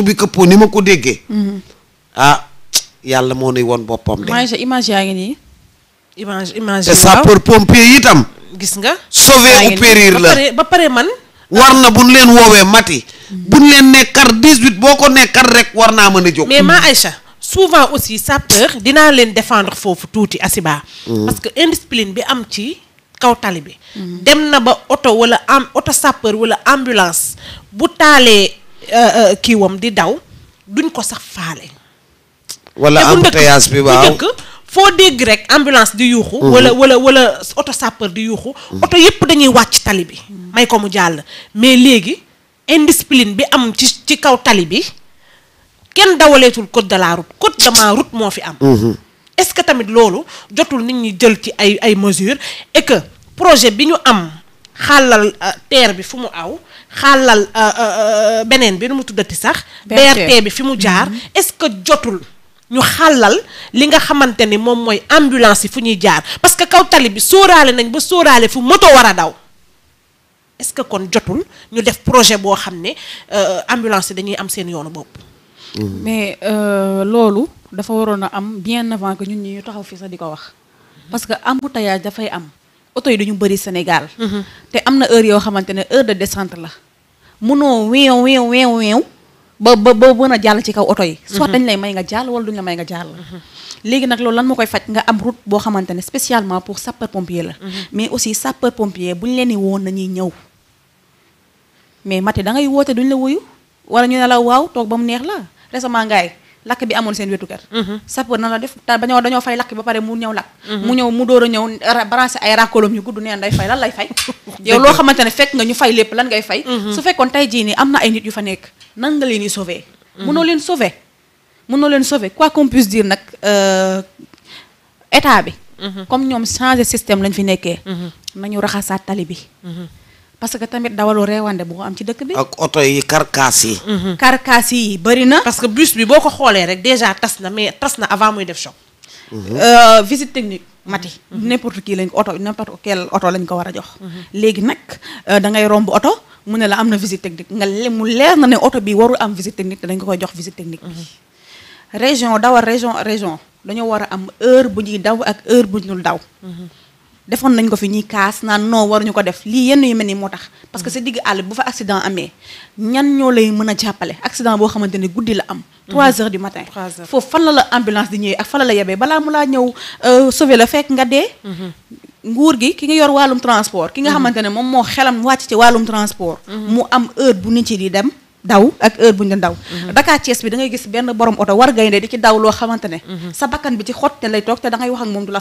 waxtu këppoo ni ma ko déggee. Mm-hmm. Ah, yàlla moo ne woon boppam de. image image yaa ngi nii. image image te sapeur pompier itam. gis nga. sauver ou périr la ba pare man. war na bu leen woowee mati. Mm-hmm. bu ñu leen nekkar 18 boo ko nekkar rek war naa mën a jóg. mais mm-hmm. ma Aïcha souvent aussi sapeur dinaa leen défendre foofu tuuti Asiba. parce que indiscipline bi am ci kaw tali bi. dem na ba oto wala ambulance bu taalee. Euh, euh, kiiwam di daw duñ ko sax faale. wala embouteillage bi waaw foo dégg rek ambulance di yuuxu mhm. wala wala wala oto sapeur di yuuxu mhm. oto yépp dañuy wàcc tali bi may ko mu jàll mais léegi indispline bi am ci ci kaw tali bi kenn dawaleetul code de la route code de moo fi am mhm. est-ce que tamit loolu jotul nit ñi jël ci ay ay mesures et que projet bi ñu am xàllal euh, terre bi fu mu aw xaalal euh, euh, euh, beneen bi nu mu tuddati sax. BRT bi fi mu mm-hmm. jaar est-ce que jotul. ñu xàllal li nga xamante ni moom mooy ambulance yi fu ñuy jaar parce que kaw tali bi sóoraale nañ ba sóoraale fu moto war a daw est-ce que kon jotul ñu def projet boo xam ne ambulance yi dañuy am seen yoonu bopp. Mm-hmm. mais loolu dafa waroon a am bien avant que ñun ñu taxaw fi sax di ko wax. Mm-hmm. parce que embouteillage dafay am. oto yi dañu bëri Sénégal. Mm-hmm. te am na heure yoo xamante ne heure de descente la munoo weew weew weew weew ba ba ba mën a jàll ci kaw oto yi. soit mm-hmm. dañ lay may nga jàll wala duñ la may nga jàll. Mm-hmm. léegi nag loolu lan moo koy faj nga am route boo xamante ne spécialement pour sapeur pompier la. mais aussi sapeur pompier buñ leen di woon nañuy ñëw. mais Maty dangay woote duñ la wuyu wala ñu ne la waaw toog ba mu neex la récemment lakk bi amoon seen wetu kër mm-hmm. sapeur na la def te bañoo dañoo fay lakk ba pare mu ñëw lakk mm-hmm. mu ñëw mu door a ñëw branché ay rakolom yu gudd neen day fay lan lay fay yow loo xamante ne fekk nga ñu fay lépp lan ngay fay mm-hmm. su fekkoon tey jii nii am na ay nit yu fa nekk nan nga leen di sauver mënoo leen sauver mënoo leen sauver quoi qu'on puisse dire nag euh, état bi comme ñoom changé système lañ fi nekkee nañu raxasaat tali bi parce que tamit dawalu reewande bu ko am ci dëkk bi. ak oto yi carcasse yi. Mhm. carcasse yi bëri na. parce que bus bi boo ko xoolee rek déjà tas na mais tas na avant muy def choc. Mhm. Euh, visite technique mati. Mhm. n'importe qui lañ ko oto n'importe quel oto lañ ko war a jox. léegi nag euh, da ngay romb oto mu ne la am na visite technique nga le mu leer na ne oto bi waru am visite technique te dañ ko koy jox visite technique bi. région dawal région région dañoo war a am heure bu ñuy daw ak heure bu ñu daw. defoon nañ ko fi ñuy kaas naan non waruñu ko def lii yenn yu mel ni moo tax parce que sa digg àll bu fa accident amee ñan ñoo lay mën a jàppale accident boo xamante ne guddi la am 3 mhm. heures du matin foofu fan la la ambulance di ñëwee ak fan la la yebee balaa mu laa ñëw euh, sauver la fekk nga dee mhm. nguur gi ki nga yor wàllum transport ki nga mhm. xamante ne moom moo xelam wàcc ci wàllum transport mu am heure bu nit yi di dem daw ak heure bu ñu daw Dakar Thiès bi da ngay gis benn borom oto war gaynde di ci daw loo xamante ne sa bakkan bi ci xotte lay wax moom la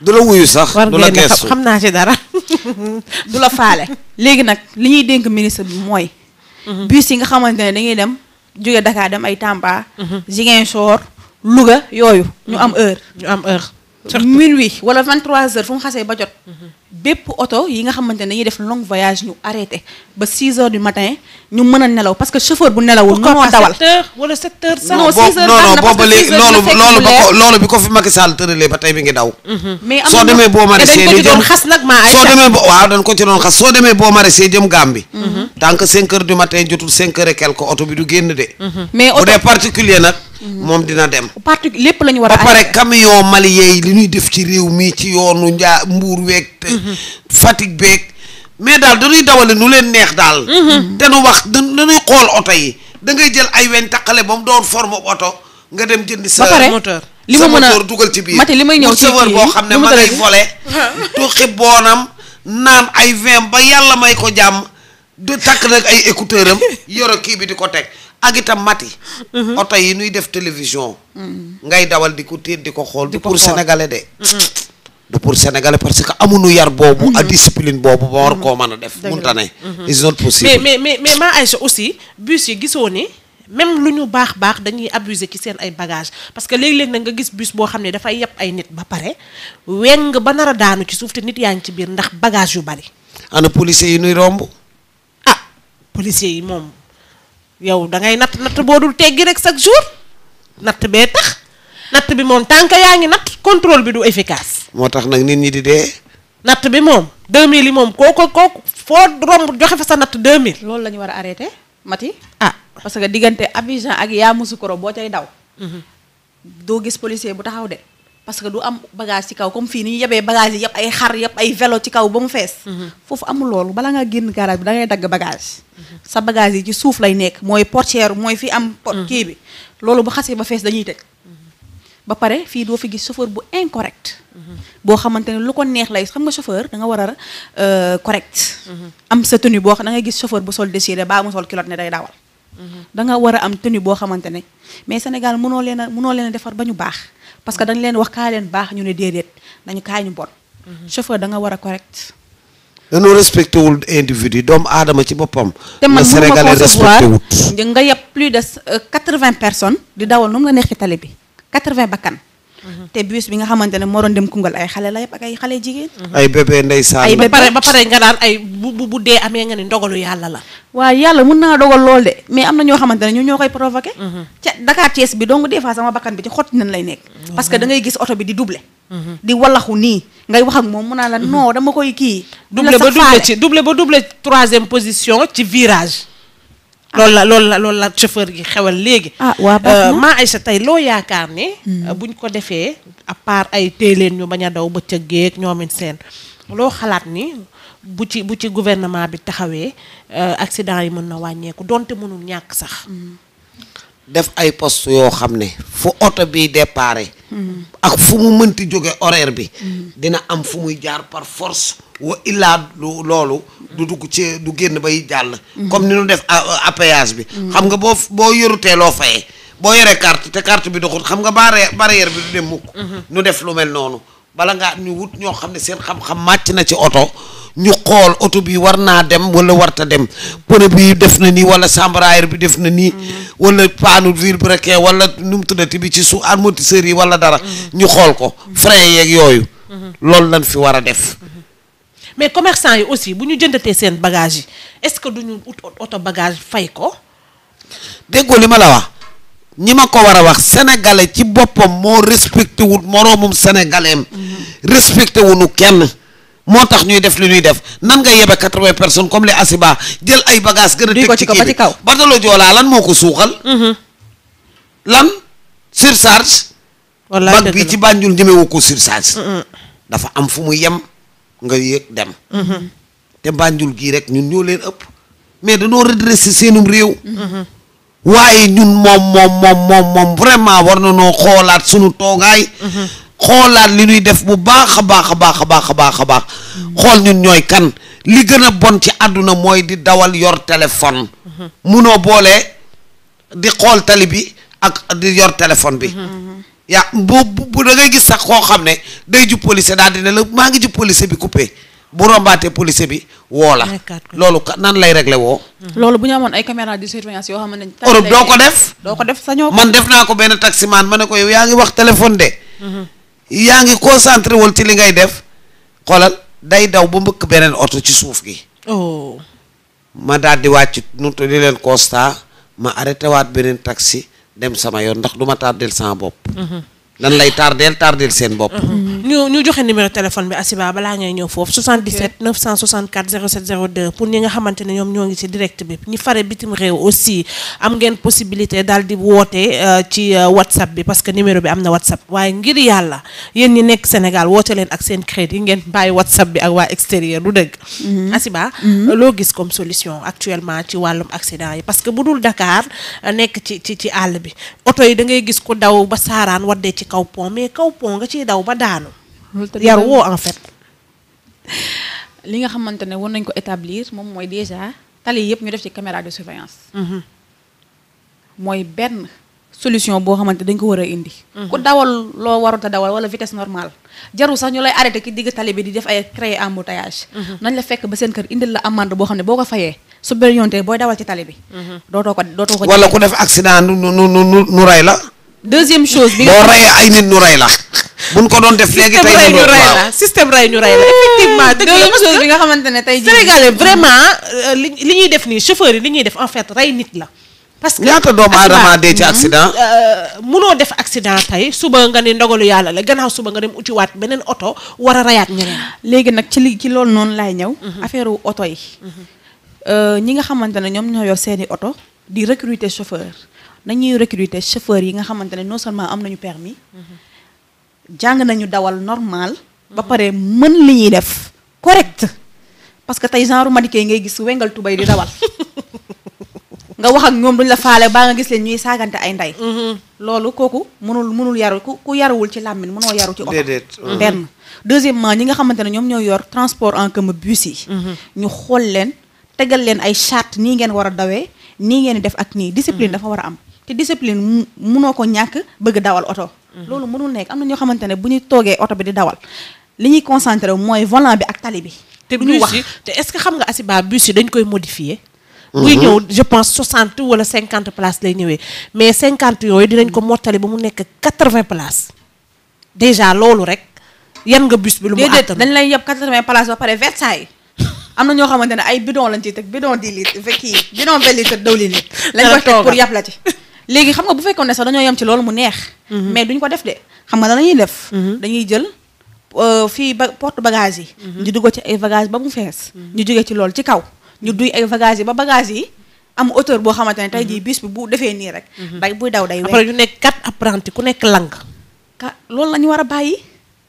du la wuyu sax war ngeen xam naa si dara du la faale léegi nag li ñuy dénk ministre bi mooy mhm. bus yi nga xamante ne dañuy dem jóge Dakar dem ay Tamba mhm. Ziguinchor Louga yooyu ñu am heure ñu am heure minuit wala 23 heures fu mu xasee ba jot. bépp oto yi nga xamante ne def long voyage ñu arrêté ba 6 heures du matin ñu mën a nelaw parce que chauffeur bu nelawul. mënoo dawal boobu loolu bi ko fi Macky Sall ba tey bi ngi daw. Mhm. soo demee boo maraîcher di jëm xas nag maa ay du matin jotul 5 quelque oto bi du génn de. Mhm. bu dee particulier nag. Mm-hmm. moom dina dem. parti lépp la ñu war a. ba pare camion mali yi li ñuy def ci réew mii ci yoonu njaa mbuur week te mm-hmm. Fatick beeg. mais daal dañuy dawale nu leen neex daal. Mm-hmm. te nu wax dañuy xool oto yi da ngay jël ay weñ taqale ba mu doon forme oto nga dem jënd sa. moteur li ma mën a dugal ci biir. mate li may ñëw ci biir boo xam ne ma ngay volé. tuuxi boonam naan ay vin ba yàlla may ko jàmm du takk nag ay écouteur kii bi di ko teg. ak itam mati. Mhm. oto yi nuy def télévision. Mhm. ngay dawal di ko téye di ko xool. du pour sénégalais de. Mhm. du pour sénégalais parce que amuñu yar boobu. ak discipline boobu ba war koo man a def. mënta ne mais mais mais maa Aïcha aussi bus yi gisoo ni même lu ñu baax baax dañuy abuser ci seen ay bagages parce que léegi léeg na nga gis bus boo xam ne dafay yeb ay nit ba pare weng ba nar daanu ci suuf te nit yaa ngi ci biir ndax bagage yu bari. ana policiers yi nuy romb. ah yi moom. yow da ngay natt natt boo dul teggi rek chaque jour natt bee tax natt bi moom tànk yaa ngi natt controle bi du efficace. moo tax nag nit ñi di dee. natt bi moom 2000 yi moom kooku kooku foo romb joxe fa sa natt 2000. loolu la ñu war a arrêté Mati. ah parce que diggante Abidjan ak yaa Yamoussoukro boo cay daw. Mhm. doo gis policier bu taxaw de. parce que du am bagage ci kaw comme fii ni ñu yebee bagage yi yëpp ay xar yëpp ay vélo ci kaw ba mu fees mhm. foofu amul loolu bala ngaa génn garage bi da dagg bagage sa bagage yi ci suuf lay nekk mooy portière mooy fi am pot mhm. kii bi bu xasee ba fees dañuy tëj ba pare fii doo fi gis chauffeur bu incorrect mhm. boo xamante ne lu ko neex lay xam nga chauffeur da nga war a euh, correct am sa tenue boo xam da ngay gis chauffeur bu sol déchiré baa mu sol ne day dawal da nga war a am tenue boo xamante ne mais Sénégal mënoo leen a mënoo leen defar ba ñu baax parce que dañ leen wax kaa leen baax ñu ne déedéet dañu kaay ñu bon. Mhm. chauffeur da nga war a correct. dañoo respecté wul individu doomu aadama ci boppam. te man sénégalais respecté nga yeb plus de euh, quatre vingt personnes di dawal nu mu la neexee tali bi quatre vingt bakkan. te bus bi nga xamante ne moo doon dem Koungheul ay xale la yëpp ak ay xale jigéen. ay bébé ndeysaan. ay ba pare ba pare nga daan ay bu bu bu dee amee nga ni ndogalu yàlla la. waaw yàlla mun naa dogal lool de mais am na ñoo xamante ne ñun ñoo koy provoqué. Mm-hmm. ca Dakar Thiès bi donc des fois sama bakkan bi ci xott nañ lay nekk. Mm-hmm. parce que da ngay gis oto bi di doublé. Mm-hmm. di wallaxu nii ngay wax moom mun naa la non dama koy kii. doublé ba doublé troisième position ci virage. Ah. loolu la loolu la loolu la chauffeur gi xewal léegi. ah waaw euh, maa Aïssa tey loo yaakaar ne. Hmm. Euh, buñ ko defee à ay téeléen ñu bañ a daw bëccëg géeg ñoomin seen loo xalaat ni bu ci bu ci gouvernement bi taxawee euh, accident yi mën na wàññeeku donte mënul ñàkk sax. Hmm. def ay post yoo xam ne fu oto bi déparé. Hmm. ak fu mu mënti jóge horaire bi. dina am fu muy jaar par force. wa illaa loolu du dugg ci du génn bay jàll comme ni nu def euh, appayage bi xam nga boo boo yorutee loo fayee boo yoree carte te carte bi doxut xam nga barrière barrière bi du dem mukk nu mhm. def lu mel noonu bala ngaa ñu wut ñoo xam ne seen xam-xam màcc na ci oto ñu xool oto bi war naa dem wala warta dem pneu bi def na nii wala chambre bi def na nii mhm. wala paanu vilebrequin wala nu mu tuddati bi ci su amortisseur yi wala dara mhm. ñu xool ko frein yeeg yooyu mais commerçant yi aussi bu ñu jëndatee seen bagage yi est-ce que du ñu ut oto bagage fay ko. déggoo li ma la wax ñi ma ko war a wax sénégalais ci boppam moo respecté wul moroomum sénégalais am mm-hmm. respecté wuñu kenn. moo tax ñuy def li ñuy def nan nga yebe quatre-vingts personnes comme les Asiba jël ay bagages. gën a teg ci kii bi Bartolo Joola lan moo ko suuxal. Mm-hmm. lan surcharge. wallaay bag bi ci Banjul ñemewu ko surcharge. dafa am fu mu yem. nga yëg dem. Mm-hmm. te Banjul gii rek ñun ñoo leen ëpp. mais dañoo redressé seenum réew. Mm-hmm. waaye ñun moom moom moom moom moom vraiment war na noo xoolaat sunu toogaay. Mm-hmm. xoolaat li ñuy def bu baax a baax a baax a baax a baax a baax. xool ñun ñooy kan li gën a bon ci àdduna mooy di dawal yor téléphone. munoo boole di xool tali bi ak di yor téléphone bi. yaa boo bu da ngay gis sax koo xam ne day jub policier daal dina la maa ngi jub policier bi coupé bu rombaatee policier bi woo la loolu nan lay réglé woo mm-hmm. loolu bu ñu amoon ay di de surveillance yoo xam ne Europe doo ko def doo ko def sañoo man def naa ko benn taximaan ma ne ko yow ngi wax téléphone de mm-hmm. yaa ngi concentré wul ci li ngay def xoolal day daw ba mbëkk beneen oto ci suuf gi oh. ma daal di wàcc nu di leen constat ma arrêté waat beneen taxi dem sama yoon ndax du ma tàddeel sama bopp mm-hmm. lan lay tardeel tardeel seen bopp. ñu ñu joxe numéro téléphone bi Asiba balaa ngay ñëw foofu 77 964 07 02 pour ñi nga xamante ne ñoom ñoo ngi ci direct bi ñi fare bitim réew aussi am ngeen possibilité daal di woote ci WhatsApp bi parce que numéro bi am na WhatsApp waaye ngir yàlla yéen ñi nekk Sénégal woote leen ak seen crédit ngeen bàyyi WhatsApp bi ak waa extérieur du dëgg. Asiba loo gis comme solution actuellement ci wàllum accident yi parce que bu dul bi oto yi kaw pont mais kaw pont nga ciy daw ba daanu. yar woo en li nga xamante ne war nañ ko établir moom mooy déjà tali yëpp ñu def ci caméra de surveillance. Mhm. mooy benn solution boo xamante dañ ko war a indi. Mhm. ku dawal loo warut a dawal wala vitesse normale jarul sax ñu lay arrêté ki digg tali bi di def ay créer embouteillage. Mhm. nañ la fekk ba seen kër indi la amende boo xam ne boo ko fayee su bëri yoonte booy dawal ci tali bi. dootoo ko dootoo ko. wala ku def accident deuxième chose. bi nga boo reyee ay nit ñu rey la. buñ ko doon def léegi tey ñu bi nga xamante ne tey jii Sénégalais vraiment euh, li ñuy def nii chauffeur yi li ñuy def en fait rey nit la. parce que ñaata doomu aadama dee ci hmm, accident. Euh, munoo def accident tey suba nga ne ndogalu yàlla la gannaaw suba nga dem utiwaat beneen oto war a reyaat ñeneen. léegi nag ci li ci loolu noonu laay ñëw. Mhm. affaire wu oto yi. Mhm. Euh, ñi nga xamante ne ñoom ñoo yor seeni oto di recruter chauffeur. nañuy recruter chauffeur yi nga xamante ne non seulement am nañu permis jàng nañu dawal normal ba mhm. pare mën li ñuy def correct parce que tey genre Madické yi ngay gis wengal tubéy di dawal nga wax ak ñoom duñ la faale baa nga gis leen ñuy saagante ay ndey mhm. loolu kooku mënul mënul yaru ku ku yaruwul ci làmmiñ mënoo yaru ci oto mhm. benn deuxièmement ñi nga xamante ne ñoom ñoo yor transport en commun bus yi ñu xool leen tegal leen ay charte nii ngeen war a dawee nii ngeen def ak nii discipline dafa war am te discipline munoo ko ñàkk bëgg dawal oto. Mhm. loolu mënul nekk am na ñoo xamante ne bu ñu toogee oto bi di dawal li ñuy concentré mooy volant bi ak tali bi. te du bus wax te est-ce que xam nga asiba bus yi dañ koy modifier mhm. buy ñëw je pense 60 wala 50 places lay ñëwee mais 50 yooyu dinañ ko mottali ba mu nekk 80 places déjà loolu rek yan nga bus bi lu mu àttan dañ lay yeb 80 places ba pare Versailles am na ñoo xamante ne ay bidon lañ ciy teg bidon 10 litres kii bidon 20 litres dawlin li lañ koy teg la ci léegi xam nga bu fekkoon ne sax dañoo yem ci loolu mu neex. Mhm. mais duñ ko def de xam nga ñuy def. Mhm. dañuy jël euh, fii ba porte bagage yi. Mhm. ñu dugg ci ay bagage ba mu fees. ñu jóge ci loolu ci kaw ñu duy ay bagage yi ba bagage yi. am auteur boo xamante ne tey jii bis bi bu defee nii rek. bay buy daw day wéy. après ñu nekk quatre apprenti ku nekk lang. ka la ñu war a bàyyi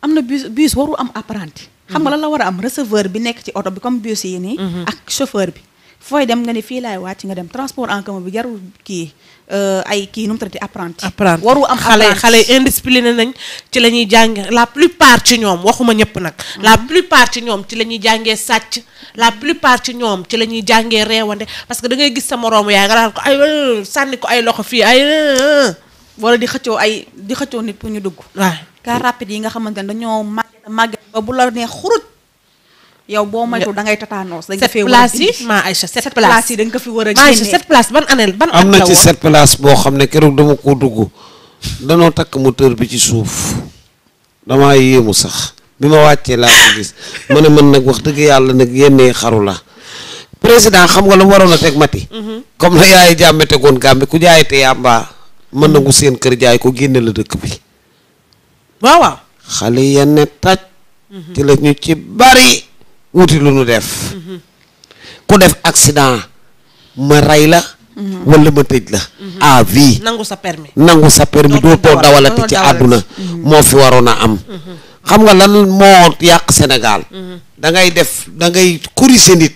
am na bus bus waru am apprenti. xam nga la la war a am receveur bi nekk ci oto bi comme bus yi nii. ak chauffeur bi. fooy dem nga ni fii laay ci nga dem transport en commun bi jarul kii euh, ay kii nu mu traité apprenti apprenti waru am xale xale indiscipliné nañ ci la ñuy jànge la plupart ci ñoom waxuma ñëpp nag la mhm. plupart ci ñoom ci la ñuy jàngee sàcc la plupart ci ñoom ci la ñuy jàngee reewande parce que da ngay gis sa moroomu yaay nga daan ko ay euh, sànni ko ay loxo fii ay euh, wala di xëccoo ay di xëccoo nit pour ñu dugg waaw car rapide yi nga xamante ne dañoo màgget màgget ba nee xurut yow boo moytuwul da ngay tataanos. dañ ko a fi war a génne maa Aïcha ban année ban at am na ci sept places boo xam ne keroog dama koo dugg danoo takk moteur bi ci suuf damaa yéemu sax bi ma wàccee laa ko gis ma ne man nag wax dëgg yàlla nag yennee xaru la président xam nga lu waroon a teg mati. Mhm. comme la yaay jàmme tegoon gàmbi ku jaay te yàmbaa mën nangu seen kër jaay ko génne la dëkk bi. waaw xale yenn taj. ci la ci bari. wuti lu nu def ku def accident ma rey la mhm. wala ma tëj la mhm. à vie nangu sa permis nangu sa permis ci àdduna mhm. moo fi waroon a am xam nga lan moo yàq Sénégal da ngay def da ngay corriger nit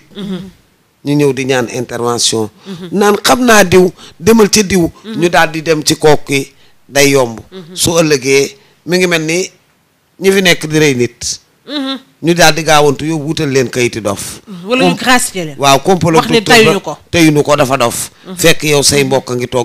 ñu ñëw di ñaan intervention naan xam naa diw demal ca diw ñu daal di dem ci kooku day yomb su ëllëgee mi ngi mel ni ñi fi nekk di nit Mm-hmm. ñu daal di gaawantu yóbbu wutal leen kayiti dof. Mm-hmm. wala ñu gracier leen. waaw complot wax ne tayuñu ko. tayuñu ko dafa dof. Mm-hmm. fekk yow say mbokk ngi toog.